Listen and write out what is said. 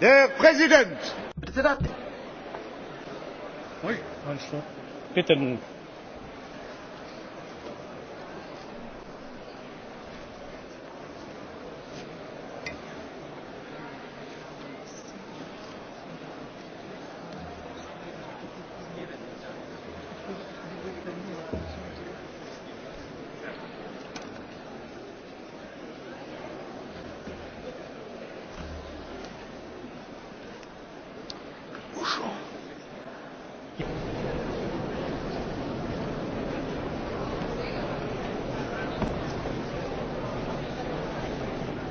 Der Präsident! Bitte.